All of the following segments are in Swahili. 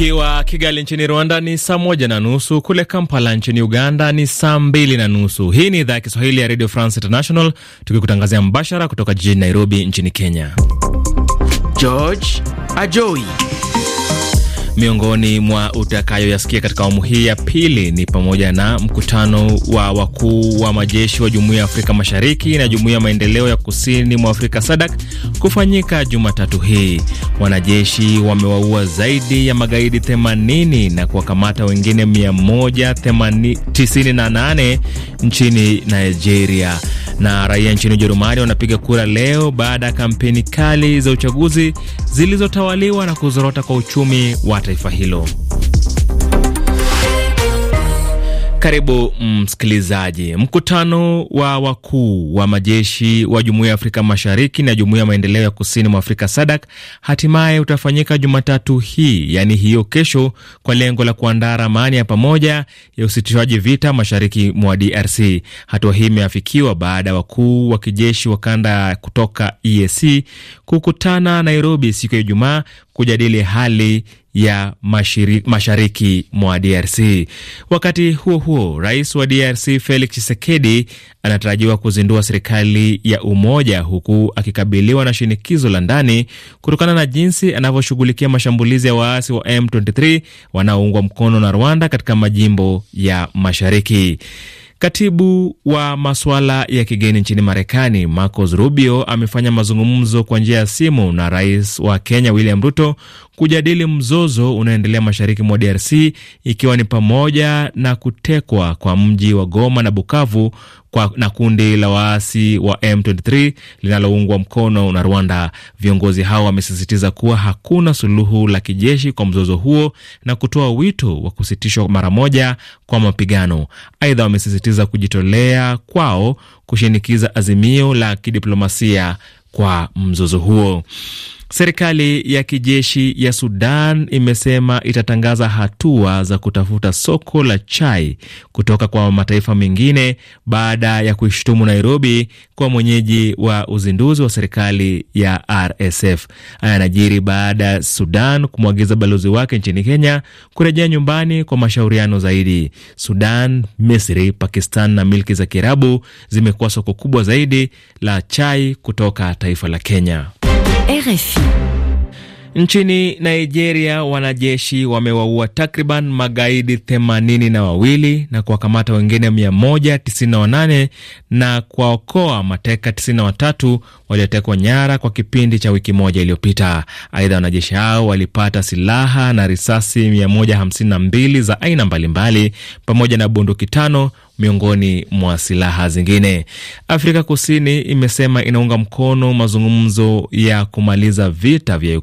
Ukiwa Kigali nchini Rwanda ni saa moja na nusu, kule Kampala nchini Uganda ni saa mbili na nusu. Hii ni idhaa ya Kiswahili ya Radio France International tukikutangazia mbashara kutoka jijini Nairobi nchini Kenya. George Ajoi Miongoni mwa utakayoyasikia katika awamu hii ya pili ni pamoja na mkutano wa wakuu wa majeshi wa Jumuiya ya Afrika Mashariki na Jumuiya ya Maendeleo ya Kusini mwa Afrika SADAK kufanyika Jumatatu hii. Wanajeshi wamewaua zaidi ya magaidi 80 na kuwakamata wengine 198 nchini Nigeria na raia nchini Ujerumani wanapiga kura leo baada ya kampeni kali za uchaguzi zilizotawaliwa na kuzorota kwa uchumi wa taifa hilo. Karibu msikilizaji. mkutano wa wakuu wa majeshi wa Jumuiya ya Afrika Mashariki na Jumuiya ya Maendeleo ya Kusini mwa Afrika SADAK hatimaye utafanyika Jumatatu hii, yaani hiyo kesho, kwa lengo la kuandaa ramani ya pamoja ya usitishwaji vita mashariki mwa DRC. Hatua hii imeafikiwa baada ya wakuu wa kijeshi wa kanda kutoka EAC kukutana Nairobi siku ya Ijumaa kujadili hali ya mashiri, mashariki mwa DRC. Wakati huo huo, rais wa DRC Felix Tshisekedi anatarajiwa kuzindua serikali ya umoja huku akikabiliwa na shinikizo la ndani kutokana na jinsi anavyoshughulikia mashambulizi ya waasi wa M23 wanaoungwa mkono na Rwanda katika majimbo ya mashariki. Katibu wa masuala ya kigeni nchini Marekani Marcos Rubio amefanya mazungumzo kwa njia ya simu na rais wa Kenya William Ruto kujadili mzozo unaoendelea mashariki mwa DRC ikiwa ni pamoja na kutekwa kwa mji wa Goma na Bukavu kwa, na kundi la waasi wa M23 linaloungwa mkono na Rwanda. Viongozi hao wamesisitiza kuwa hakuna suluhu la kijeshi kwa mzozo huo na kutoa wito wa kusitishwa mara moja kwa mapigano. Aidha, wamesisitiza kujitolea kwao kushinikiza azimio la kidiplomasia kwa mzozo huo. Serikali ya kijeshi ya Sudan imesema itatangaza hatua za kutafuta soko la chai kutoka kwa mataifa mengine baada ya kuishutumu Nairobi kwa mwenyeji wa uzinduzi wa serikali ya RSF. Haya yanajiri baada ya Sudan kumwagiza balozi wake nchini Kenya kurejea nyumbani kwa mashauriano zaidi. Sudan, Misri, Pakistan na milki za Kiarabu zimekuwa soko kubwa zaidi la chai kutoka taifa la Kenya. RFI. Nchini Nigeria wanajeshi wamewaua takriban magaidi themanini na wawili na kuwakamata wengine 198 na kuwaokoa mateka 93 waliotekwa nyara kwa kipindi cha wiki moja iliyopita. Aidha, wanajeshi hao walipata silaha na risasi 152 za aina mbalimbali pamoja na bunduki tano miongoni mwa silaha zingine. Afrika Kusini imesema inaunga mkono mazungumzo ya kumaliza vita vya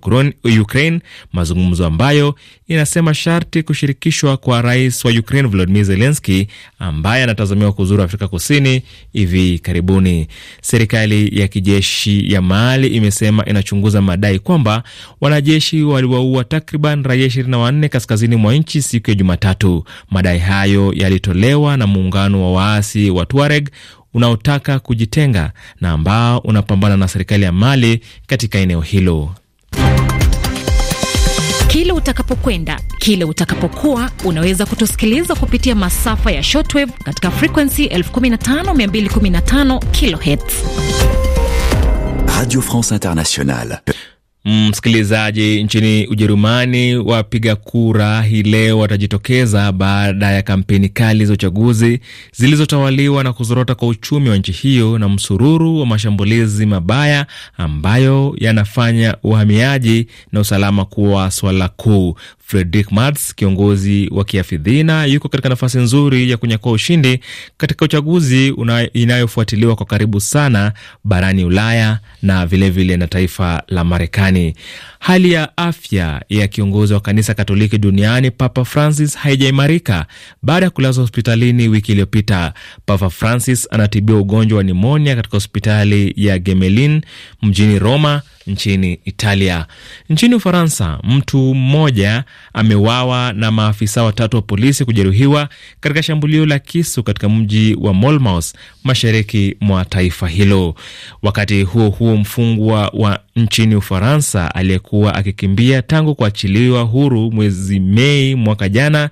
Ukraine, mazungumzo ambayo inasema sharti kushirikishwa kwa rais wa Ukraine Volodymyr Zelensky ambaye anatazamiwa kuzuru Afrika Kusini hivi karibuni. Serikali ya kijeshi ya Mali imesema inachunguza madai kwamba wanajeshi waliwaua takriban raia 24 kaskazini mwa nchi siku ya Jumatatu. Madai hayo yalitolewa na muungano muungano wa waasi wa Tuareg unaotaka kujitenga na ambao unapambana na serikali ya Mali katika eneo hilo. Kile utakapokwenda kile utakapokuwa, unaweza kutusikiliza kupitia masafa ya shortwave katika frequency 15215 kilohertz. Radio France Internationale. Msikilizaji, nchini Ujerumani wapiga kura hii leo watajitokeza baada ya kampeni kali za uchaguzi zilizotawaliwa na kuzorota kwa uchumi wa nchi hiyo na msururu wa mashambulizi mabaya ambayo yanafanya uhamiaji na usalama kuwa swala kuu. Fredrik Mats, kiongozi wa kiafidhina, yuko katika nafasi nzuri ya kunyakua ushindi katika uchaguzi inayofuatiliwa kwa karibu sana barani Ulaya na vilevile vile na taifa la Marekani. Hali ya afya ya kiongozi wa kanisa Katoliki duniani Papa Francis haijaimarika baada ya kulazwa hospitalini wiki iliyopita. Papa Francis anatibiwa ugonjwa wa nimonia katika hospitali ya Gemelin mjini Roma nchini Italia. Nchini Ufaransa, mtu mmoja amewawa na maafisa watatu wa polisi kujeruhiwa katika shambulio la kisu katika mji wa Molmaus mashariki mwa taifa hilo. Wakati huo huo, mfungwa wa nchini Ufaransa aliyekuwa akikimbia tangu kuachiliwa huru mwezi Mei mwaka jana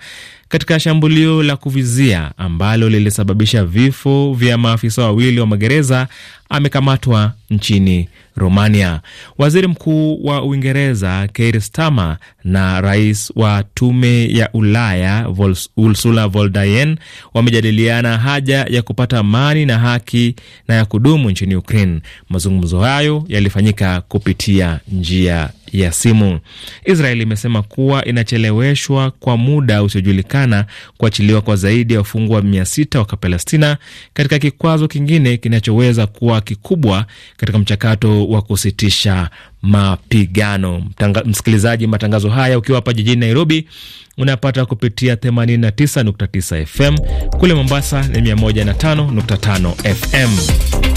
katika shambulio la kuvizia ambalo lilisababisha vifo vya maafisa wawili wa magereza amekamatwa nchini Romania. Waziri Mkuu wa Uingereza Keir Starmer na rais wa Tume ya Ulaya Ursula von der Leyen wamejadiliana haja ya kupata amani na haki na ya kudumu nchini Ukraine. Mazungumzo hayo yalifanyika kupitia njia ya simu. Israel imesema kuwa inacheleweshwa kwa muda usiojulikana kuachiliwa kwa zaidi ya wafungwa mia sita wa Palestina katika kikwazo kingine kinachoweza kuwa kikubwa katika mchakato wa kusitisha mapigano. Msikilizaji, matangazo haya ukiwa hapa jijini Nairobi unapata kupitia 89.9 FM, kule Mombasa ni 105.5 FM.